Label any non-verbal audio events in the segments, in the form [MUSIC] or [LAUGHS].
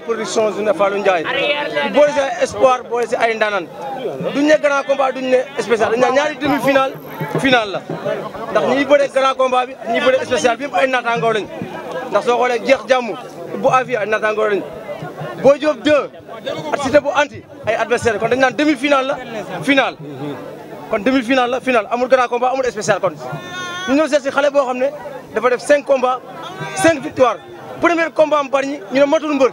Ndiaye production journée Fallou Ndiaye bu boole si ay espoir boole si ay ndaanaan duñ ne grand combat duñ ne spécial ñaari demi final final la ndax ñu bëre grand combat bi ñiy bëre spécial bi yëpp ay naataangoo lañ ndax soo xoolee jeex jàmm bu avi ay naataangoo lañ boo Diop 2 ak Cité bu anti ay adversaire kon dañ naan demi final la final kon demi final la final amul grand combat amul spécial kon ñu ñëw seet si xale boo xam ne dafa def cinq combats cinq victoires premier combat am bari ñu ne matul mbër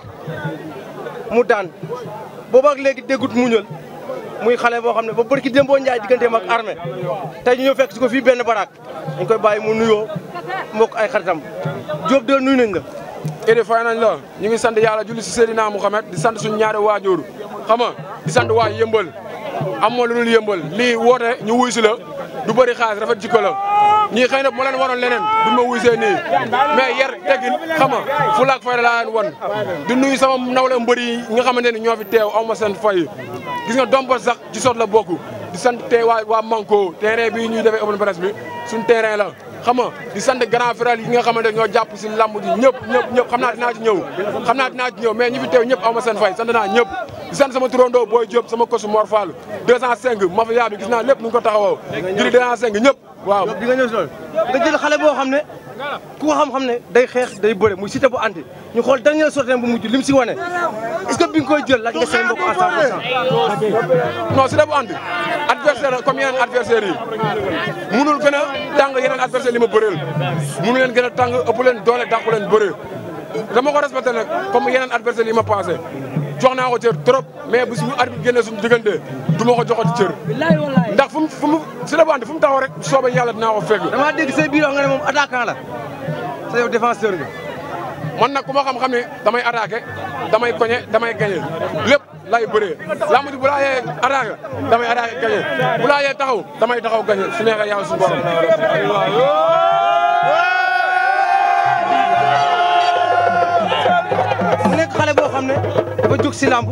mu daan boobaak léegi déggut muñal muy xale boo xam ne ba bërki dem boo njaay digganteem ak armée tey ñu ñëw fekk si ko fii benn baraak dañ koy bàyyi mu nuyoo mbokk ay xaritam Diop de nuyu nañ nga idi fay nañ la ñu ngi sant yàlla julli si naa Mouhamed di sant suñu ñaari waajooru xam nga di sant waa yëmbal amoo lu dul yëmbal lii woote ñu wuy si la du bëri xaalis rafet jikko la ñii xëy na bu ma leen waroon leneen du ma wuy see nii mais yar teggin xam nga fu laak fay laa leen wan di nuyu sama nawle mbër yi nga xamante ni ñoo teew aw ma seen fay gis nga dompal sax ci sot la bokk di sant te waa waa Manko terrain bi ñuy defee open presse bi suñ terrain la xam nga di sant grand frère yi nga xamante ñoo jàpp si lamb ji ñëpp ñëpp ñëpp xam naa dinaa ci ñëw xam naa dinaa teew naa ñëpp di sant sama turandoo Boy Diop sama coach Mor Fall 205 mafia bi gis naa lépp nu ko taxawoo jiri 205 ñëpp waaw bi nga ñëw si loolu xale boo xam ne ku ko xam-xam ne day xeex day bëre muy Siteu bu anti ñu xool dernière sortie bu mujj li mu si wane est-ce que bi koy jël laaj nga seen mbokk à 100% non Siteu bu anti adversaire comme yeneen adversaire yi munul gën yeneen adversaire li ma bëreel munul leen gën a tàng ëpp leen doole dàqu leen bëre dama ko respecté nag comme yeneen adversaire yi ma passé jox naa ko cër trop mais bu suñu arbitre génnee suñu diggante du ma ko joxati cër. ndax fu mu fu mu si la bande fu mu taxaw rek soobee yàlla dinaa ko fekk. damaa dégg say la sa yow défenseur nga. man nag ku ma xam ne damay attaqué damay koñe damay gañe lépp lay bëree làmb ji bu laa yee attaqué damay attaqué gañe bu yee taxaw damay taxaw gañe su neexee yàlla suñu borom. nekk xale boo xam ne dafa jóg si làmb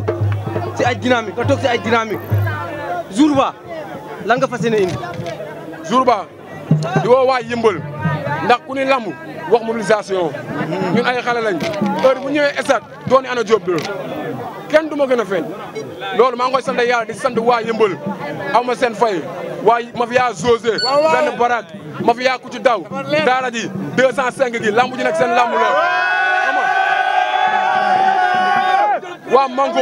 si ay dynamique nga toog si ay dynamique jour ba fa nga fas yéene indi. di woo waa yëmbal ndax ku ni làmb wax mobilisation ñun ay xale lañ heure bu ñëwee stade dooni ana Diop loolu kenn du ma gën a feeñ loolu maa ngi koy sant yàlla di sant waa yëmbal aw ma seen fay waa mafia José benn barak mafia ku ci daw daara ji 205 gi lamb ji nag lamb la waa Mango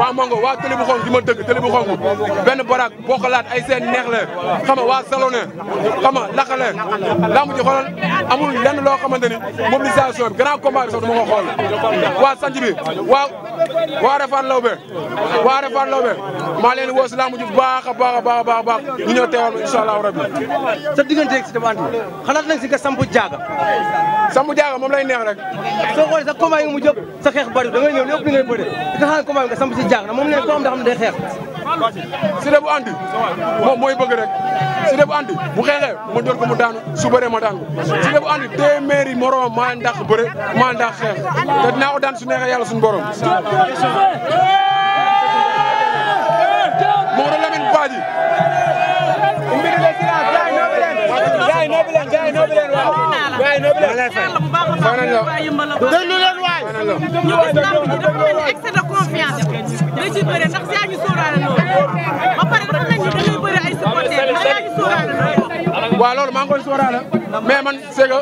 waa Mango waa tëli bu xonk di ma dëgg tëli bu xonk benn barak boo xalaat ay seen neex la xama waa salone xama laqale lamb ji xoolal amul loo xamante ni mobilisation bi grand combat bi sax du ma ko xool waa sanc bi waa waa refaan lawbe waa refaan lawbe maa leen woo si lamb ji baax a baax a a baax a baax ñu ñëw teewal ma incha allahu rabbi sa digganteeg si demande xalaat nañ si nga samp jaaga samp jaaga moom neex rek soo xoolee sa combat da ngay nga xam ne combat bi nga samp si jàng na moom nee ko am da xam ne day si de bu andi moom mooy bëgg rek si de bu andi bu xeexee ma door ko mu daanu su bëree ma daan ko si de bu andi téeméeri moroom maa ndax bëre maa ndax xeex te dinaa ko daan su neexee yàlla suñu borom moo doon Lamine Badji gaay noobi leen gaay noobi ñoom islam bi dafa mel ni excès de confiance da ciy bëre ndax yaa ngi sóoraale loolu ba pare dafa mel ni da ngay bëre ay supporters ndax yaa ngi sóoraale loolu. waaw loolu maa ngi koy sóoraale mais man c'est que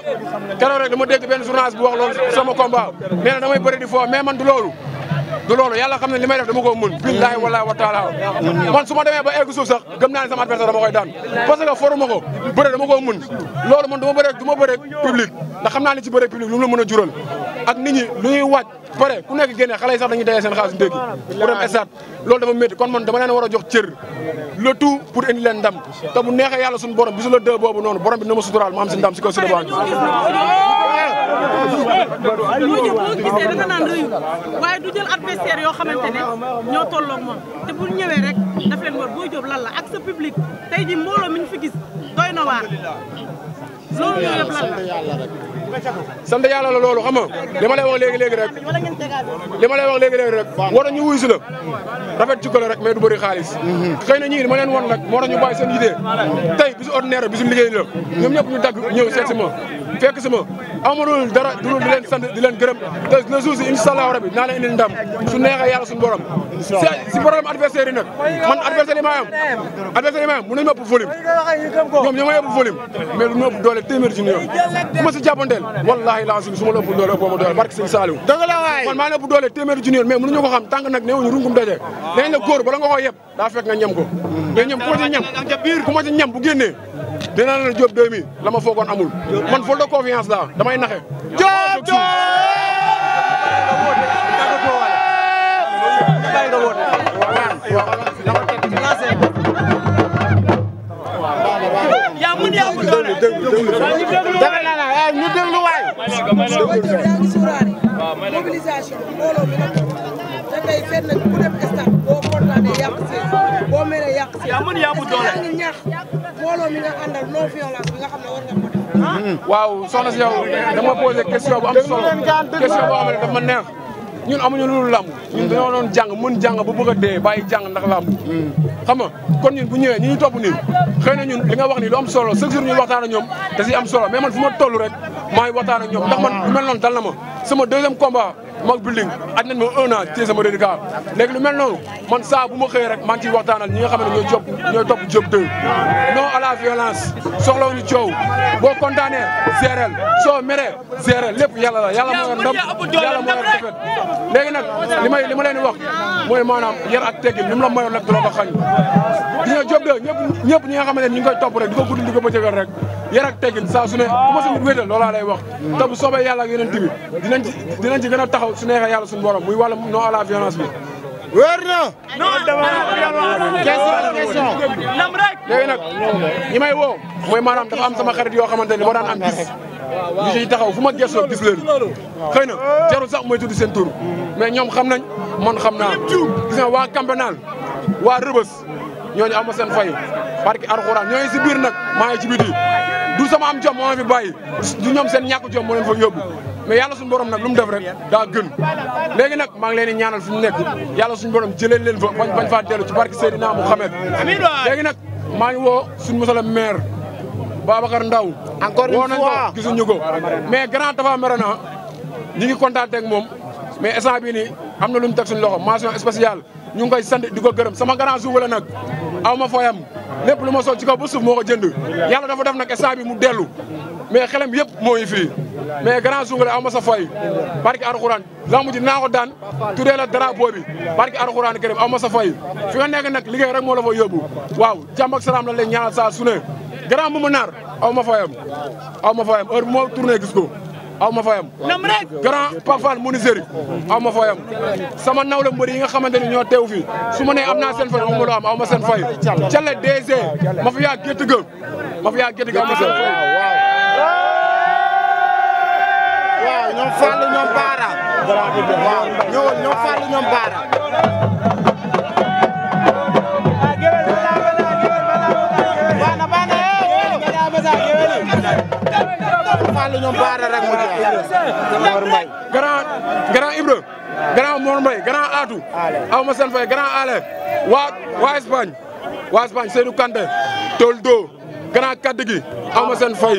keroog rek dama dégg benn journaliste bu wax loolu sama combat nee na damay bëre di foofu mais man du loolu. du loolu la xam na li may def dama koo mën billahi wallahi man su ma demee ba egg suuf sax gëm naa ne sama adversaire dama koy daan parce que foru bëre dama koo loolu man du bëre du ma bëre public ndax naa ne ci bëre public lu mu la a jural ak nit ñi lu ñuy waaj pare ku nekk génne xale yi sax dañuy dayee seen xaalis ndéggi pour dem stade loolu dafa métti kon man dama leen war jox cër le tout pour indi leen ndam bu neexee yàlla la deux borom bi na ma boo jë boo gisee da nga naan rëyu waaye du jël adversaire yoo xamante ne ñoo tolloog moom te bu ñëwee rek daf leen war boo jóob lan la ak sa public tey ji mbooloo mi ñu fi gis doy na waar loolu yëpp lan la sant yàlla la loolu xam nga li ma lay wax rek li ma lay wax léegi léegi rek war ñu wuy la rafet ci rek mais du bëri xaalis mhm. xëy na ma leen won nag moo ñu bàyyi seen yitee tey bisu ordinaire bisu liggéey la ñoom ñëpp ñu dagg ñëw seet si ma fekk si ma amadul dara dudul di leen sant di leen gërëm te na suuf si incha allahu rabi naa leen indil ndam su neexee yàlla suñu borom si problème adversaire yi nag man adversaire yi ma am adversaire ma doole téeméer junni yoon si jàppanteel wallaahi lancim su ma la doole ëppoo ma doole barke sëñ Saliou man maa la ëpp doole téeméer junni yoon mais mënuñu ko xam tànk nag rungum daje dañ la góor bala nga koo yeb daa fekk nga ñam ko te ñam ku ci ñam ku ma ci ñam bu génnee dinaa la Diop 2000 la ma foogoon amul man fol de confiance la damay naxe déglu déglu defe naa naa ñu déglu waay. yaa mi la ko te tey seet na ku dem stade boo kontaanee yàq seen boo meree yàq seen. yaa mën yaa bu doole yaa ngi ñaax mbooloo mi nga àndal non violence ne war nga ko def. Hmm. waaw soxna si yow dama boo xam neex. ñun amuñu loolu làmb ñun dañoo doon jàng mun jàng ba a dee bàyyi jàng ndax làmb xam nga kon ñun bu ñëwee ñi ñu topp nii xëy na ñun li nga wax nii lu am solo chaque jour ñun waxtaan ak ñoom da si am solo mais man fu ma toll rek maa ngi waxtaan ak ñoom ndax man lu mel noonu dal na ma sama deuxième combat mag building aj nañ ma un an téye sama reliquat léegi lu mel noonu man saa bu ma xëyee rek maa ngi ciy waxtaanal ñi nga xam ne ñooy ñoo ñooy topp jóg dëgg non à la violence soxlawuñu coow boo kontaanee géréel soo meree géréel lépp yàlla la yàlla moo yor ndam yàlla moo yor defet léegi nag li may li ma leen di wax mooy maanaam yar ak teggin ni mu la mayoon nag du la ko xañ di nga jóg dëgg ñëpp ñëpp ñi nga xam ne ñu koy topp rek di ko guddi di ko bëccëgal rek yar ak teggin saa su ne loolaa lay wax te bu yàlla yeneen tamit dinañ ci dinañ ci gën a taxaw su neexee yàlla suñu borom muy wàllum non à la violence bi. wér na. non question nag may woo. mooy maanaam dafa am sama xarit yoo xamante ne moo daan am gis. ñu taxaw fu ma gëstoo gis leen. xëy na jarul sax mooy tudd seen tur. mais ñoom xam nañ moon xam naa gis nga waa Campenal waa Rëbës ñooñu am ma seen fay. parce que alxuraan ñooñu si biir nag maa ngi du sama am jom moo ma fi bàyyi du ñoom seen ñàkk jom moo leen fa yóbbu. mais yàlla suñu borom nag lu mu def rek daa gën léegi nag maa ngi leen di ñaanal fu ñu nekk yàlla suñu borom jëlee leen fa bañ bañ faa dellu ci barke Seydina Mouhamed léegi nag maa ngi woo suñu mosala maire Babacar Ndaw encore une fois gisuñu ko mais grand Tafa Merona ñi ngi kontaan ak moom mais instant bii nii am na lu ñu teg suñu loxo mention spéciale ñu ngi koy sant di ko gërëm sama grand jour la nag aw ma fooyam lépp lu ma sol ci kaw ba suuf moo ko jënd yàlla dafa def nag instant bi mu dellu mais xelam yëpp moo ngi fii mais grand jour aw ma sa fooy barki Alxuraan lamb ji naa ko daan tuddee la drapeau bi barki Alxuraan karim aw ma sa fooy fi nga nekk nag liggéey rek moo la fa yóbbu waaw jàmm ak salaam la lay ñaanal saa su ne grand bu mu naar aw ma fooyam aw ma fooyam heure moo tourné gis ko aw ma fayam grand pafal menuiserie aw ma fayam sama naw nawle mbëri yi nga xamante ni ñoo teew fii su ma nee am na seen fay aw ma am aw ma seen fay cale DG ma fi yaa gétt ga ma fi yaa gétt ga fay waaw ñoom Fall ñoom Baara waaw ñoom Fall ñoom Baara Sall ñoom Ibra. grand Mor Mbaye grand Atou. aw ma seen fay waa waa waa Espagne Seydou Kanté Toldo. gannaaw kaddu gi aw ma seen fay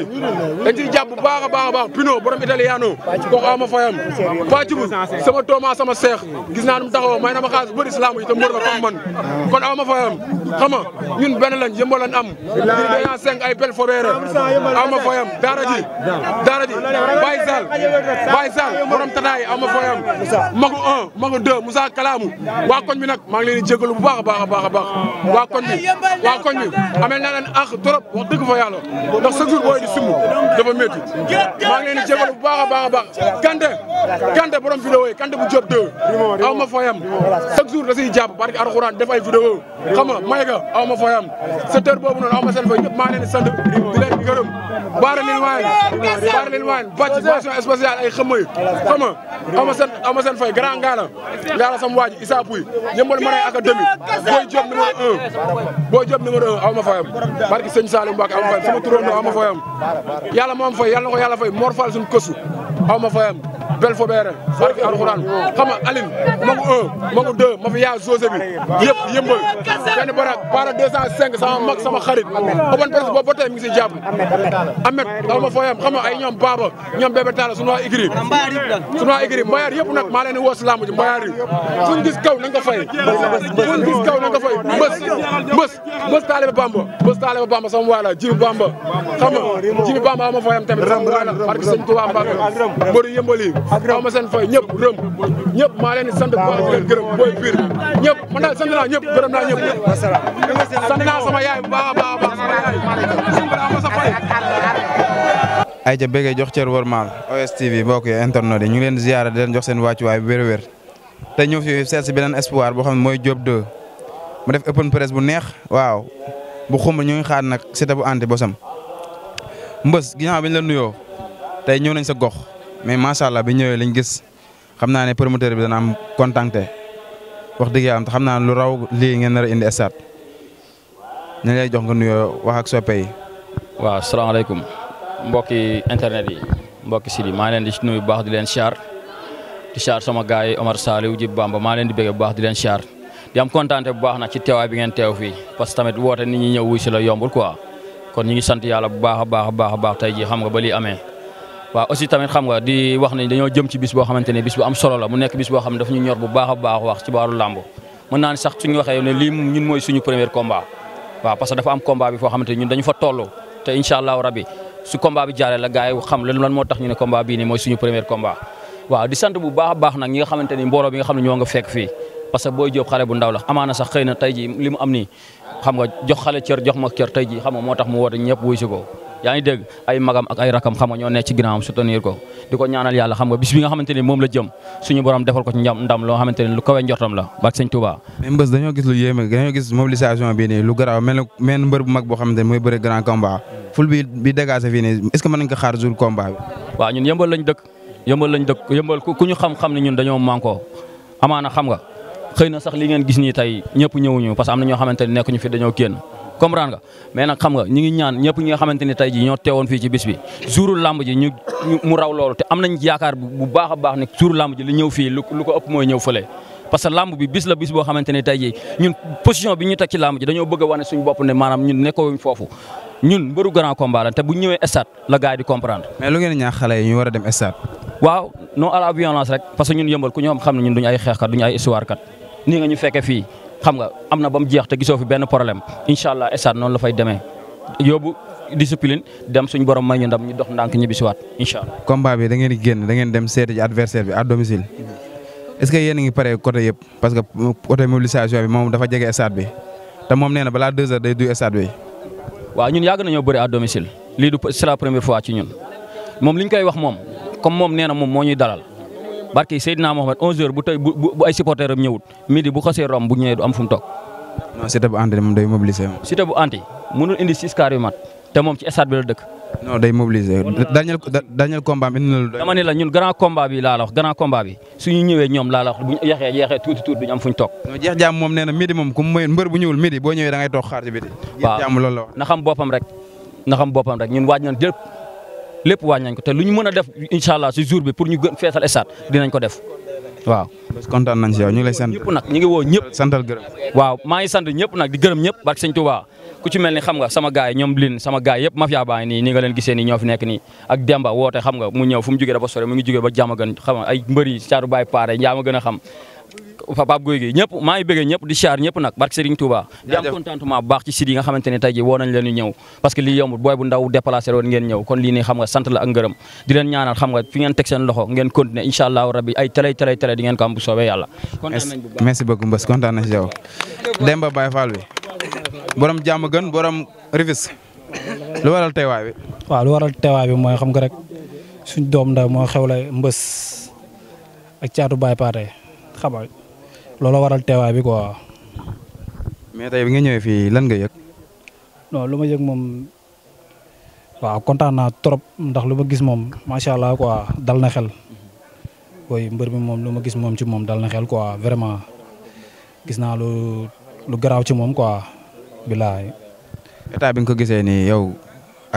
dañ ciy jàpp bu baax a baax a baax Pino borom italiano kooku aw ma fayam pàcc bu sama tooma sama seex gis naa nu mu may na ma xaalis bëri yi te mbër ma fam man kon aw ma fayam xam nga ñun benn lañ yëmbal lañ am ñun dañaa cinq ay bel fobeere aw ma fayam daara ji daara ji Baye Sall Baye Sall borom tataay aw ma fayam magu un magu deux Moussa Kalamu waa koñ bi nag maa ngi leen di jégalu bu baax a baax baax a baax waa koñ bi waa koñ bi amel na leen wax dëgg fa yàlla ndax chaque jour booy di simb dafa métti maa ngi leen di bu baax a baax a baax Kanté Kanté bu job 2 aw fooyam chaque jour da siy jàpp barki Alxuraan def ay vidéo xam nga may nga aw ma fooyam noonu aw ma seen fay ñëpp maa ngi gërëm baara lil waan baara lil waan bàcc mention spéciale ay xëmay xam nga ama seen ama seen fay grand ngaala ngaala sam waaji Issa Pouy yëmbal mara académie booy job numéro un booy job numéro un ama fayam barki sëñ Salim Mbacke ama fayam sama turóon no ama fayam yàlla moo am fay yàlla na ko yàlla fay Mor Fall suñu kësu fayam bel fobeere barki alxuraan xam nga Aline magu un magu deux ma yaa José bi yëpp yëmbal benn bara para deux sama mag sama xarit open presse boobu ba tey mi ngi si jàpp amet dal ma fooyam xam nga ay ñoom baaba ñoom bébé taala suñu waa igri suñu mbayaar yëpp nag maa leen di woo si lamb gis kaw na nga fay fuñ gis kaw na nga sama waay la jibi bamba xam nga jibi bamba ma fooyam tamit sama waay la barki sëñ Tuubaa Mbàkke ay ca bëggee jox cër wormaal OSTV mbokk yi internet yi ñu ngi leen ziyaara di leen jox seen wàccuwaay bu wér te ñëw fi seet si beneen espoir boo xam ne mooy Diop 2 mu def open press bu neex waaw bu xumb ñu ngi xaar nag Siteu bu anti bosam mbës ginnaaw bi ñu la nuyoo tey ñëw nañ sa gox mais macha allah bi ñëwee lañ gis xam naa ne promoteur bi dana am contacté wax dëgg yàlla xam naa ne lu raw lii ngeen nar a indi stade ñu lay jox nga nuyoo wax ak soppe yi. waaw salaamaaleykum mbokki internet yi mbokki si maa leen di nuyu bu baax di leen siyaar di siyaar sama gars yi Omar Saliou Jib Bamba maa leen di bëgg bu baax di leen siyaar di am kontaante bu baax na ci teewaay bi ngeen teew fii parce que tamit woote nit ñu ñëw wuy si la yombul quoi kon ñu ngi sant yàlla bu baax a baax a baax tey jii xam nga ba lii amee. waaw aussi tamit xam nga di wax ne dañoo jëm ci bis boo xamante ne bis bu am solo la mu nekk bis xam ne daf ñu ñor bu baax a baax wax ci baaru làmb mën naa ne sax suñu waxee ne lii ñun mooy suñu premier combat waaw parce dafa am combat bi foo xamante ne ñun dañu fa toll te incha allahu rabi su combat bi jaaree la gars xam lan moo tax ñu ne combat bii nii mooy suñu premier combat waaw di sant bu baax a baax nag ñi nga xamante ni mbooloo bi nga xam ne ñoo nga fekk parce que Boy Diop xale bu ndaw la amaana sax xëy na tey jii li mu am nii xam nga jox xale cër jox ma cër tey jii xam nga moo tax mu woote ñëpp wuy si ko yaa ngi ay magam ay rakam xam nga ñoo nekk ci ginnaawam soutenir ko di ko ñaanal yàlla xam nga bis nga xamante ni moom la jëm suñu borom defal ni lu kawe njortam mag boo xamante ni mooy bëri grand combat ful bi bi dégagé fii nii est ce xaar jour combat bi ñun yëmbal lañ dëkk yëmbal ku ñu xam-xam ne ñun xëy na sax li ngeen gis nii tey ñëpp ñëwuñu parce que am na ñoo xamante ne nekkuñu fi dañoo génn comprendre nga mais nag xam nga ñi ñaan ñëpp ñi nga xamante tey ji ñoo teewoon fii ci bis bi jouru lamb ji ñu mu raw loolu te am nañ yaakaar bu baax a baax ne jouru lamb ji li ñëw fii lu ko ëpp mooy ñëw fële parce que lamb bi bis la bis boo xamante ne tey ji ñun position bi ñu teg ci lamb ji dañoo bëgg a wane suñu bopp ne maanaam ñun nekkowuñ foofu ñun mbëru grand comprendre. mais ñu war ñu xam ne ñun duñu ay nii nga ñu fekkee fii xam nga am na ba mu jeex te gisoo fi benn problème incha allah estaat noonu la fay demee yóbbu discipline dem suñu borom may ñu ndam ñu dox ndànk ñibbisiwaat incha allah. combat bi da di génn da ngeen dem seeti ji adversaire bi à domicile mm-hmm. est-ce que yéen a ngi pare côté yëpp bi moom dafa jege stade bi te moom nee balaa deux heures day duy stade bi. waaw ñun yàgg nañoo bëri à domicile lii du c'est la première fois ci ñun moom li ñu koy wax moom comme moom nee na moom moo ñuy dalal. barki Seydina Mohamed 11h bu tey bu ay supporter am ñëwut midi bu xasee rom bu ñëwee du am fu toog. non Cité bu anti moom day mobiliser moom. mat te moom ci stade bi la dëkk. Daniel Daniel combat na. la ñun grand combat bi laa grand combat bi suñu ñëwee ñoom laa la wax tuuti tuuti duñu am fuñ toog. non jeex jàmm moom nee midi moom ku mbër bu ñëwul midi boo ñëwee da toog xaar ci biti. waaw na xam boppam rek na xam boppam rek ñun waaj nañ lépp lépp wàññi nañ ko te lu ñu mën a def incha allah si jour bi pour ñu gën feesal stade dinañ ko def waaw. ñu ngi lay sant ñëpp nag ñu ngi woo ñëpp. santal sant ñëpp nag di ñëpp barke sëñ Touba ku mel ni xam nga sama gaay yi ñoom lin sama gaay yëpp mafia baa ngi nii nii nga leen gisee nekk nii ak Demba woote xam nga mu ñëw fu mu jugee dafa sore mu ngi jugee ba jàmm gën xam ay mbëri caaru baay paare yaa a xam Pape Gueye gi ñëpp maa ngi bëggee ñëpp di char ñëpp nag barke Serigne Touba di am contentement bu baax ci site yi nga xamante ne tey ji woo nañ leen ñëw parce que lii yombul booy bu ndaw déplacé woon ngeen ñëw kon lii nii xam nga sant la ak ngërëm di leen ñaanal xam nga fi ngeen teg loxo ngeen continuer incha allahu rabbi ay télé télé télé di ngeen ko bu soobee yàlla merci beaucoup Mbës kontaan nañ si yow Demba Baye Fall bi borom jàmm gën borom rivis lu waral teewaay doom ndaw moo xewle Mbës ak caatu Baye Paate xam nga loolu waral teewaay bi quoi. mais tey bi nga ñëwee fii lan nga yëg. non lu ma yëg moom waaw kontaan naa trop ndax lu ma gis moom macha allah quoi dal na xel. woy mbër bi moom lu ma gis moom ci moom dal na xel quoi vraiment gis naa lu lu garaaw ci moom quoi bilaay. état bi nga ko gisee nii yow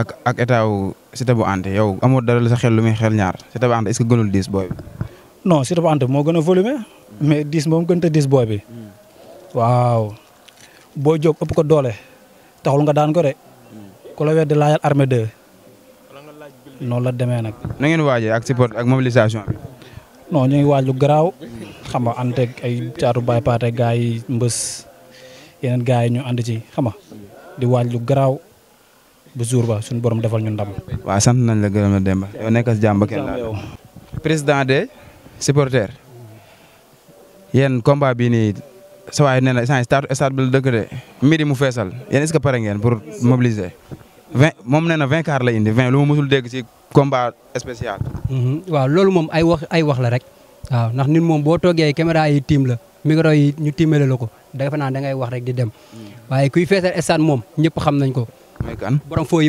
ak ak état wu Siteu bu Anta yow amoo dara sa xel lu muy xel ñaar Siteu bu Anta est-ce gënul diis booy bi. non Siteu bu Anta moo gën a volumé mais diis moom gën diis booy bi waaw boo jóg ëpp ko doole taxul nga daan ko de ku la weddi laajal armée 2 noonu la demee nag. na ngeen waajee ak support ak mobilisation bi. non ñu ngi waaj lu garaaw xam nga ànd ak ay caatu baay paate yi mbës yeneen gaa yi ñu ànd ci xama di waaj lu garaaw bu jour ba suñu borom defal ñu ndam. waaw sant nañ la gërëm la Demba yow nekk as jàmm kenn laa président des supporters. yéen combat bii nii sa waay nee na stade stade bi la dëkk de midi mu feesal yéen est-ce que pare ngeen pour mobiliser. moom nee na vingt car la indi vingt lu ma mësul dégg ci combat spécial. Mhm, waaw loolu moom ay wax ay wax la rek. waaw ndax nit moom boo toogee caméra yi tiim la mi micro yi ñu tiimale la ko dafa naan da ngay wax rek di dem mm. waaye kuy feesal stade moom ñëpp xam nañ ko. mooy kan borom foo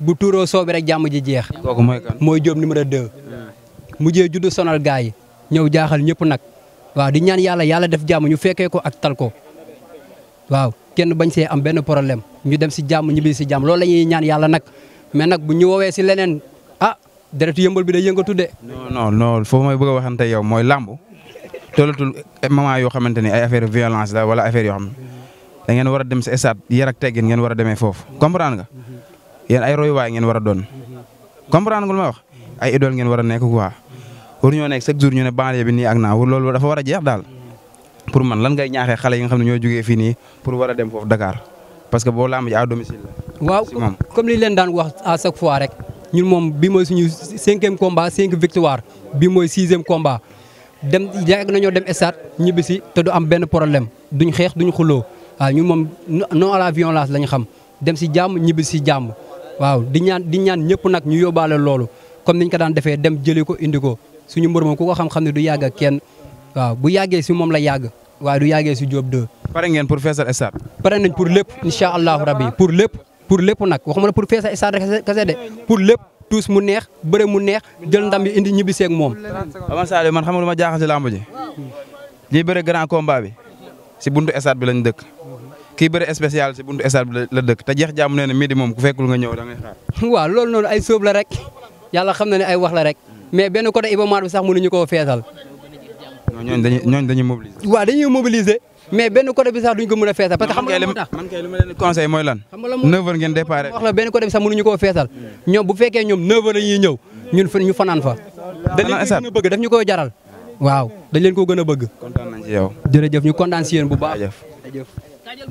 bu tuuroo soobi rek jàmm ji jeex. kooku mooy kan mooy Diop numéro 2. Mm. mujjee juddu sonal gars yi. ñëw jaaxal ñëpp nag waaw di ñaan yàlla yàlla def jàmm ñu fekkee ko ak tal ko waaw kenn bañ see am benn problème ñu dem si jàmm ñibbi si jàmm loolu la ñuy ñaan yàlla nag mais nag bu ñu woowee si leneen a ah, deretu yëmbal bi day yëngatu de. non non non foofu may bëgg a waxante yow mooy làmb tollatul moment yoo xamante ni ay affaire violence la wala affaire yoo xam da ngeen war a dem si stade yar ak teggin ngeen war a demee foofu comprendre nga yéen ay royuwaay ngeen war a doon mhm. war a nekk quoi. war ñoo nekk chaque jour ñu ne banlieue bi nii ak naa loolu dafa war a jeex daal pour man lan ngay ñaaxee xale yi nga xam ne ñoo jógee fii nii pour war a dem foofu Dakar parce que boo lamb ji à domicile waaw comme li leen daan wax à chaque fois rek ñun moom bi mooy suñu cinquième combat cinq victoire bii mooy sixième combat dem yàgg nañoo dem stade ñibbisi te du am benn problème duñ xeex duñ xuloo waaw ñun moom non à la violence lañ xam dem si jàmm ñibbisi si jàmm waaw di ñaan di ñaan ñëpp nag ñu yóbbaale loolu comme niñ ko daan defee dem jëli ko indi ko suñu mbër moom ku ko xam-xam ne du yàgg ak kenn waaw bu yàggee si moom la yàgg waa du yàggee si Diop 2. pare ngeen pour feesal stade. pare nañ pour lépp incha allahu rabi pour lépp pour lépp nag waxuma la pour feesal stade rek kese de pour lépp tuus mu neex bëre mu neex jël ndam indi ñibbi seeg moom. Aman Saliou man xam nga lu ma jaaxal si làmb ji ñiy bëre grand combat bi si buntu stade bi lañ dëkk kii bëre spécial si buntu stade bi la dëkk te jeex jàmm nee na midi moom ku fekkul nga ñëw da ngay [LAUGHS] rek yàlla xam na ne ay wax la rek. mais benn côté Iba Mar bi sax mënuñu koo feesal. ñooñu dañuy ñooñu waaw dañuy mobiliser mais benn côté bi sax duñ ko mën a feesal. parce que xam nga lu tax man kay lu ma leen conseil mooy la benn côté bi sax feesal ñoom bu fekkee ñoom 9h ñëw ñu fanaan fa. fanaan esaat dañ bëgg daf ñu koy jaral. waaw dañ leen ko gën a bëgg. kontaan nañ ci jërëjëf ñu kontaan si yéen bu baax jërëjëf